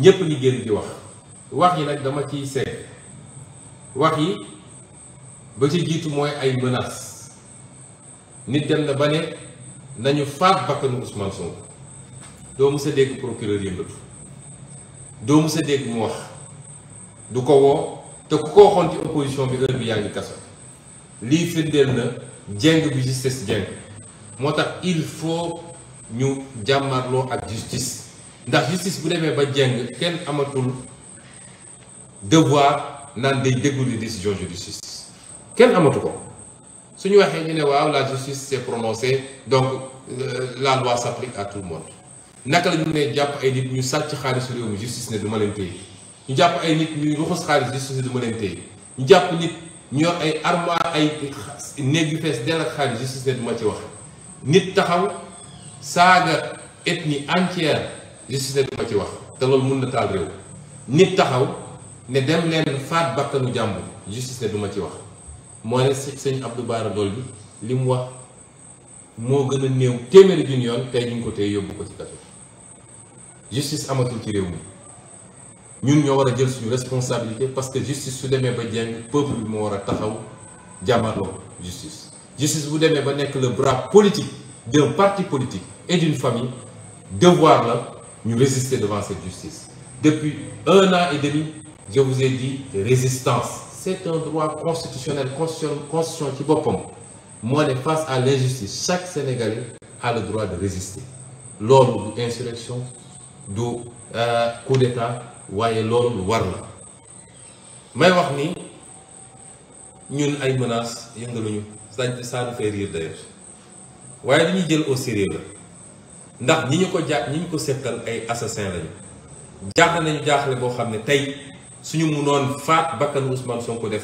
ñépp ni génn di wax wax yi nag dama ciy seet wax yi ba ci jiitu mooy ay menaces nit dem na ba ne nañu faat bakkanu Ousmane Sonko doo mës a dégg procureur yëngatu doo mës dégg mu wax du ko woo te ku ko waxoon ci opposition bi heure bi yaa kaso lii firndeel na jeng bi justice jeng moo tax il faut ñu jàmmarloo ak justice ndax justice bu demee ba jeng kenn amatul devoir naan day déglu di décision justice kenn amatu ko suñu ñu waxee ñu ne waaw la justice s'est prononcée donc euh, la loi s'applique à tout le monde naka la ne jàpp ay nit ñu sàcc xaalisu réew mi justice ne du leen téye ñu jàpp ay nit ñu ruxus xaalis justice ne du ma leen téye ñu jàpp nit ñu yor ay armoire ay néeg yu fees dell ak xaalis justice ne du ma ci wax nit taxaw saaga ethnie entière justice du ma ci wax te loolu mun na taal réew nit taxaw ne dem leen faat bakkanu jàmbur justice ne du ma ci wax moo ne sëñ Abdou Bara Dolly bi li mu wax moo gën a néew téeméeri junni yoon ñu ngi ko tey ko ci kaso justice amatul ci réew mi ñun ñoo war a jël suñu responsabilité parce que justice su demee ba jeng peuple bi moo war a taxaw jàmmarloo justice justice bu demee ba nekk le bras politique d'un parti politique et d'une famille devoir la ñu résister devant cette justice depuis un an et demi je vous ai dit résistance c'est un droit constitutionnel constitution ci boppam moo ne face à l'injustice chaque Sénégalais a le droit de résister loolu du insurrection du euh, coup d'état waaye loolu war la may wax ni ñun ay menaces yëngaluñu ça nous fait rire d'ailleurs waaye dañuy jël au sérieux la ndax ñi ñu ko jaar ñi ñu ko seqal ay assassin lañu jaaxle nañu jaaxle boo xam ne tey suñu mënoon faat bakkanu Ousmane ko def